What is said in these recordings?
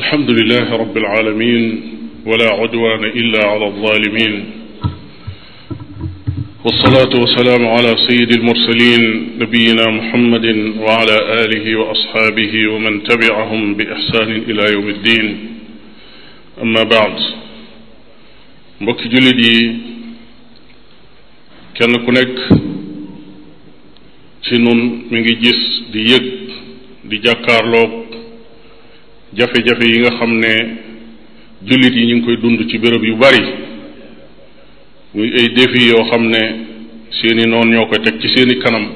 الحمد لله رب العالمين ولا عدوان إلا على الظالمين والصلاة والسلام على سيد المرسلين نبينا محمد وعلى آله وأصحابه ومن تبعهم بإحسان إلى يوم الدين أما بعد مبكي جلدي كان هناك ku من جيس دي يك دي جاكار لوك jafe-jafe yi nga xam ne jullit yi ñu ngi koy dund ci béréb yu bari muy ay défi yoo xam ne seeni noon ñoo koy teg ci seeni kanam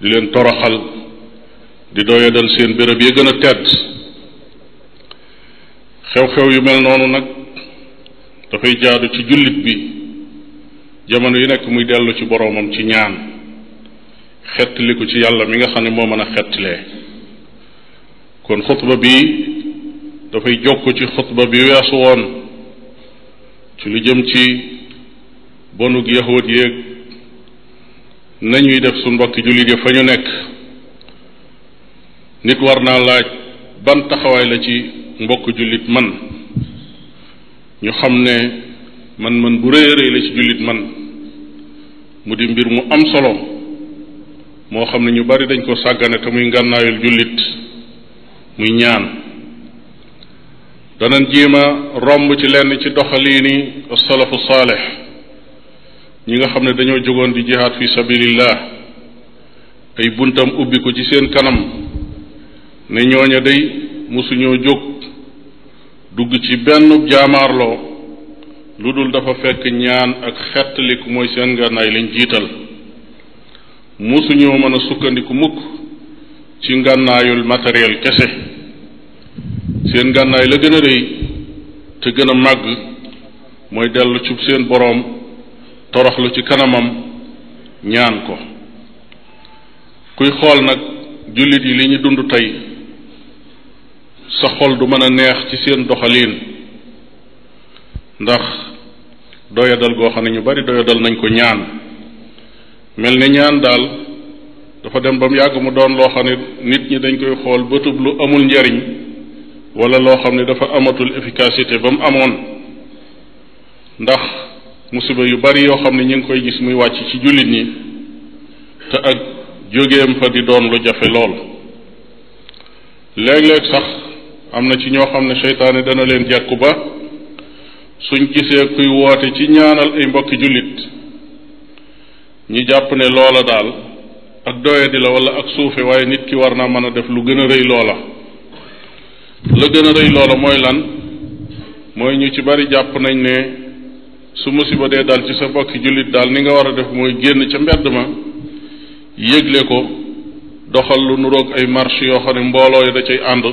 di leen toroxal di doyadal seen bërëb yi gën a tedd xew-xew yu mel noonu nag dafay jaadu ci jullit bi jamono yu nekk muy dellu ci boroomam ci ñaan xettali ko ci yàlla mi nga xam ne moo mën a xettalee kon xutba bii dafay jokk ci xutba bi weesu woon ci lu jëm ci bonug yahud yéeg nañuy def suñ mbokki jullit yi fa ñu nekk nit war naa laaj ban taxawaay la ci mbokk jullit man ñu xam ne man man bu rëy rëy la ci jullit man mu di mbir mu am solo moo xam ne ñu bari dañ ko sàggane te muy ngànnaayul jullit muy ñaan danañ jéem romb ci lenn ci doxaliini salafu saalix ñi nga xam ne dañoo jógoon di jihaad fi sabilillah ay buntam ubbi ci seen kanam ne ñooña day mosuñoo jóg dugg ci benn jaamaarloo lu dul dafa fekk ñaan ak xettaliku mooy seen ngànnaay lañ jiital mosuñoo mën a sukkandiku mukk ci ngànnaayul matériel kese seen gànnaay la gën a rëy te gën a màgg mooy dellu ci seen boroom toroxlu ci kanamam ñaan ko kuy xool nag jullit yi li ñu dund tey sa xol du mën a neex ci seen doxaliin ndax doyadal goo xam ne ñu bari doyadal nañ ko ñaan mel ni ñaan daal dafa dem ba mu yàgg mu doon loo xam nit ñi dañ koy xool bëtub lu amul njariñ wala loo xam ne dafa amatul efficacité ba mu amoon ndax musiba yu bari yoo xam ne ñu ngi koy gis muy wàcc ci jullit ñi te ak jógeem fa di doon lu jafe lool léeg-léeg sax am na ci ñoo xam ne seytaane dana leen jekku ba suñ gisee kuy woote ci ñaanal ay mbokki jullit ñi jàpp ne loola daal ak doye di la wala ak suufe waaye nit ki war naa mën a def lu gën a rëy loola la gën a rëy loola mooy lan mooy ñu ci bari jàpp nañ ne su musiba dee dal ci sa bokki jullit daal ni nga war a def mooy génn ca mbedd ma yëgle ko doxal lu nuroog ay marche yoo xam ne mbooloo yi da cay ànd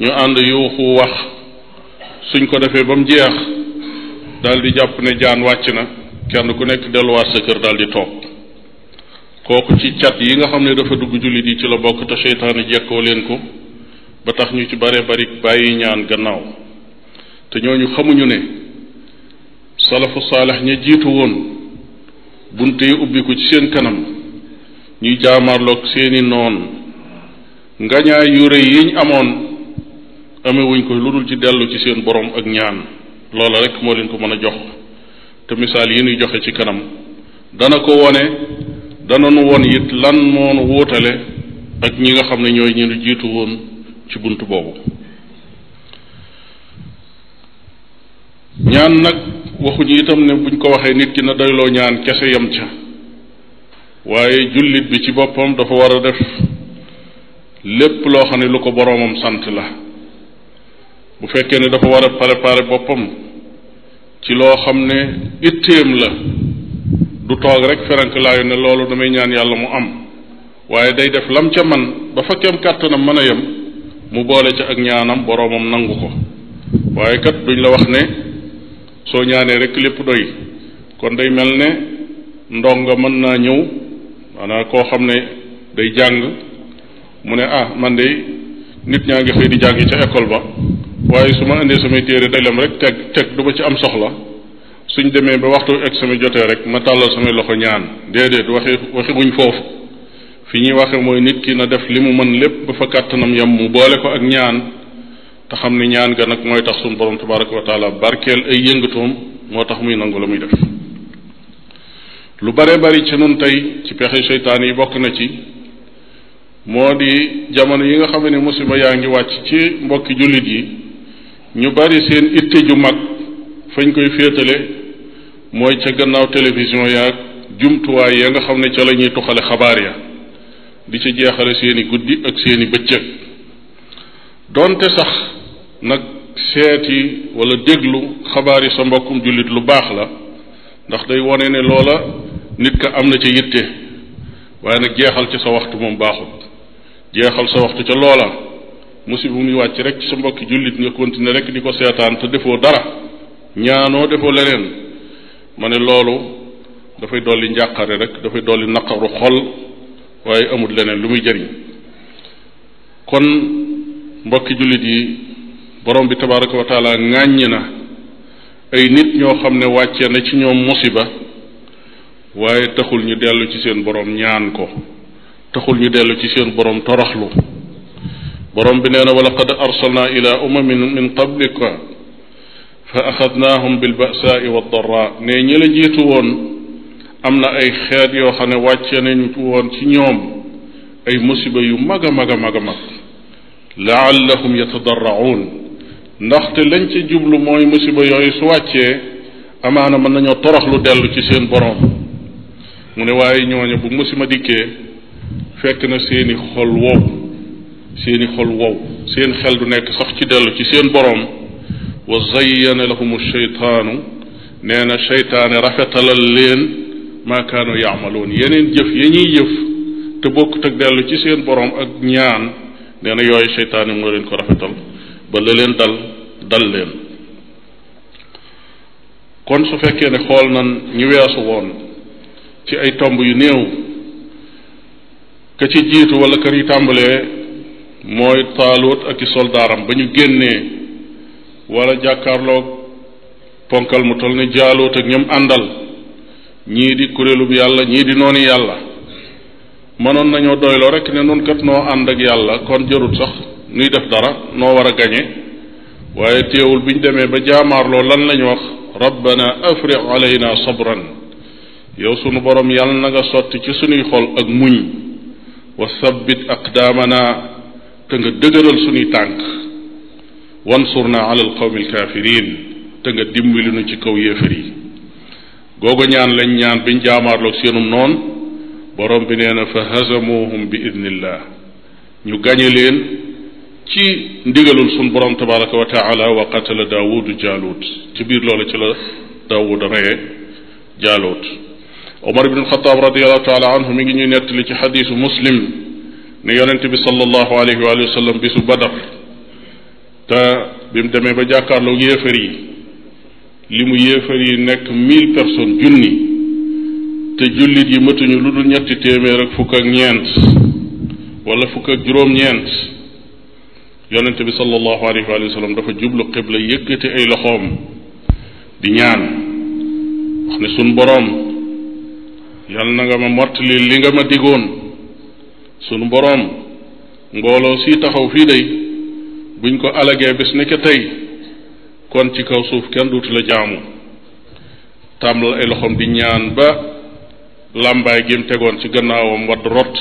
ñu ànd yuuxu wax suñ ko defee ba mu jeex daal di jàpp ne jaan wàcc na kenn ku nekk delluwaat sa kër daal di toog kooku ci cat yi nga xam ne dafa dugg jullit yi ci la bokk te seytaane jekkoo leen ko ba tax ñu ci bare bari bàyyi ñaan gannaaw te ñooñu xamuñu ne salafu saalex ña jiitu woon bunt yi ubbiku ci seen kanam ñuy jaamaarloog seeni noon ngañaay yu rëy yiñ amoon amewuñ ko lu dul ci dellu ci seen borom ak ñaan loola rek moo leen ko mën a jox te misaal yi ñuy joxe ci kanam dana ko wone dana nu won it lan moonu wóotale ak ñi nga xam ne ñooy ñu jiitu woon ci bunt boobu ñaan nag waxuñu itam ne buñ ko waxee nit ki na doyloo ñaan kese yem ca waaye jullit bi ci boppam dafa war a def lépp loo xam ne lu ko boroomam sant la bu fekkee ne dafa war a préparer boppam ci loo xam ne itteem la du toog rek feranklaayu ne loolu damay ñaan yàlla mu am waaye day def lam ca man ba fa kem kàttanam mën a yem mu boole ca ak ñaanam boroomam nangu ko waaye kat duñ la wax ne soo ñaanee rek lépp doy kon day mel ne ndonga mën naa ñëw maanaam koo xam ne day jàng mu ne ah man de nit ñaa ngi xëy di jàngi ca école ba waaye su ma indee samay téere dalam rek teg teg du ma ci am soxla suñ demee ba waxtu examen jotee rek ma tàllal samay loxo ñaan déedéet waxi waxi wuñ foofu fi ñuy waxe mooy nit ki na def li mu mën lépp ba fa kàttanam yam mu boole ko ak ñaan te xam ni ñaan ga nag mooy tax suñu borom tabaraka wa taala barkeel ay yëngatoom moo tax muy nangu la muy def lu bare bari ci nun tey ci pexe seytaan yi bokk na ci moo di jamono yi nga xam ne musiba yaa ngi wàcc ci mbokki jullit yi ñu bari seen itte ju mag fañ koy féetale mooy ca gannaaw télévision yaag jumtuwaay ya nga xam ne ca la ñuy tuxale xabaar ya di ca jeexale seeni guddi ak seeni bëccëg donte sax nag seeti wala déglu xabaar yi sa mbokkum jullit lu baax la ndax day wone ne loola nit ka am na ca yitte waaye nag jeexal ci sa waxtu moom baaxut jeexal sa waxtu ca loola bu muy wàcc rek ci sa mbokki jullit nga continuer rek di ko seetaan te defoo dara ñaanoo defoo leneen ma ne loolu dafay dolli njàqare rek dafay dolli naqaru xol waaye amul leneen lu muy jëriñ kon mbokki jullit yi borom bi tabaraka wa taala ŋàññi na ay nit ñoo xam ne wàcce na ci ñoom musiba waaye taxul ñu dellu ci seen borom ñaan ko taxul ñu dellu ci seen borom toroxlu borom bi nee na walaqad arsalna ila umamin min qablika fa axadnaahum bilbasaai wa dara ne ñi woon am na ay xeet yoo xam ne wàcce nañ ko woon ci ñoom ay musiba yu mag a mag a mag a mag laallahum yatadarraun ndaxte lañ ci jublu mooy musiba yooyu su wàccee amaana mën nañoo toroxlu dellu ci seen borom mu ne waaye ñooñu bu musiba dikkee fekk na seeni xol wow seeni xol wow seen xel du nekk sax ci dellu ci seen borom wa zayyana lahum shaytaanu nee na shaytaane rafetalal leen maakaanu yaamaloon yeneen jëf ya ñuy jëf te bokkut ak dellu ci seen borom ak ñaan nee yooyu seytaane moo leen ko rafetal ba la leen dal dal leen kon su fekkee ne xool nan ñi weesu woon ci ay tomb yu néew ka ci jiitu wala kër yi tàmbalee mooy taalut ak i soldaaram ba ñu génnee wala jàkkaarloog ponkal mu toll ne jaalut ak ñoom àndal ñii di kuréelub yàlla ñii di noonu yàlla mënoon nañoo doyloo rek ne nun kat noo ànd ak yàlla kon jarut sax nuy def dara noo war a gañe waaye teewul bi ñu demee ba jaamaarloo lan lañu wax rabbana afriq alayna sabran yow sunu borom yàlla na nga sotti ci sunuy xol ak muñ wa sabbit aqdaamana te nga dëgëral sunuy tànk wansurna ala alqawmi alkafirin te nga dimbali nu ci kaw yéefar yi googu ñaan lañ ñaan biñ jaamaarloog seenum noon borom bi nee na fa hazamuhum bi idnillah ñu gañe leen ci ndigalul sun borom tabaraka wa taala wa qatala daawudu jaalut ci biir loola ci la daawud reye jaalut omar ibn alxataab radiallahu taala anhu mi ngi ñuy nettali ci xadisu muslim ne yonent bi salallahu alayhi wa sallam bisu badar te bi mu demee ba jàkkaarloog yéefar yi li mu yéefar yi nekk mille personnes junni te jullit yi mëtuñu lu dul ñetti téeméer ak fukk ak ñeent wala fukk ak juróom-ñeent yonente bi sallallahu alayhi wa sallam dafa jublu xibla yëkkati ay loxoom di ñaan wax ne sunu boroom yal na nga ma mottali li nga ma digoon sunu boroom mbooloo si taxaw fii day buñ ko alagee bis ne ke tey kon ci kaw suuf kenn duutu la jaamu tàmbal ay loxoom di ñaan ba làmbaay gi mu tegoon ci gannaawam wadd rot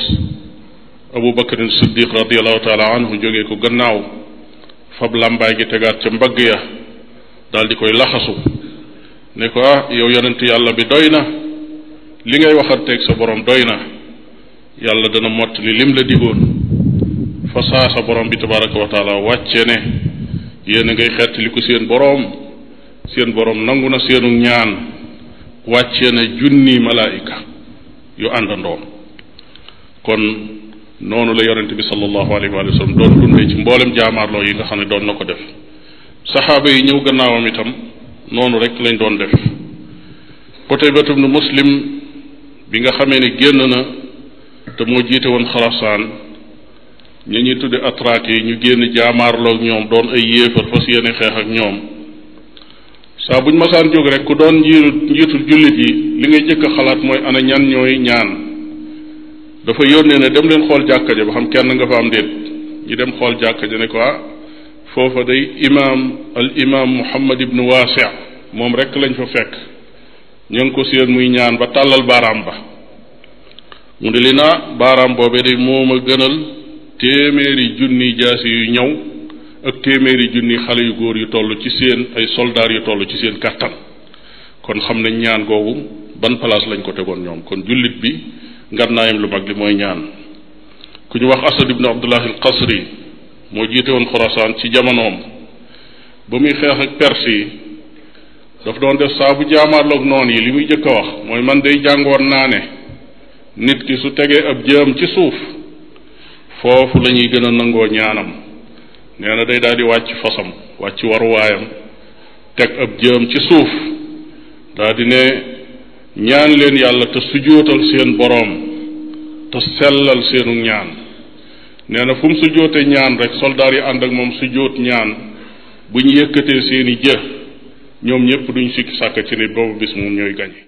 abu bakarin siddiq radiallahu taala jóge ko gannaaw fab làmbaay gi tegaat ca mbagg ya daal di koy laxasu ne ko ah yow yonent yàlla bi doy na li ngay waxanteeg sa borom doy na yàlla dana mott li lim la digoon fa saa sa borom bi tabaraka wa taala wàcce ne yéen a ngay xettaliku seen boroom seen boroom nangu na seenu ñaan wàcce na junni malaayika yu àndandoo kon noonu la yonente bi sallallahu alayhi wa sallam doon dundee ci mboolem jaamaarloo yi nga xam ne doon na ko def saxaaba yi ñëw gannaawam itam noonu rek lañ doon def Qutaybatu ibnu Muslim bi nga xamee ne génn na te moo jiite woon xalasaan ña ñuy tudde atraak yi ñu génn jaamaarloog ñoom doon ay yéefar fas yéene xeex ak ñoom saa buñ masaan jóg rek ku doon njiitu njiitul jullit yi li ngay jëkk a xalaat mooy ana ñan ñooy ñaan dafa yónnee ne dem leen xool jàkka ja ba xam kenn nga fa am déet ñu dem xool jàkka ja ne ko ah foofa day imaam al imaam muhammad ibnu waasi moom rek lañ fa fekk ña ko séen muy ñaan ba tàllal baaraam ba mu ne li naa ah, baaraam boobee day moom a gënal téeméeri junni jaasi yu ñaw ak téeméeri junni xale yu góor yu toll ci seen ay soldaar yu toll ci seen kàttan kon xam nañ ñaan googu ban place lañ ko tegoon ñoom kon jullit bi ngannaayam lu mag li mooy ñaan ku ñu wax asad ibn abdullah al moo jiite woon xorasaan ci jamonoom ba muy xeex ak perse yi daf doon def saa bu jaamaarloog noon yi li muy jëkk a wax mooy man day jàngoon naa ne nit ki su tegee ab jëm ci suuf foofu la ñuy gën a nangoo ñaanam nee na day daal di wàcc fasam wàcc waruwaayam teg ab jëm ci suuf daldi ne ñaan leen yàlla te sujootal seen boroom te sellal seenu ñaan nee na fu mu ñaan rek soldaar yi ànd ak moom sujoot ñaan bu ñu yëkkatee seeni jë ñoom ñépp duñ sikki sàkk ci ne boobu bis moom ñooy gañe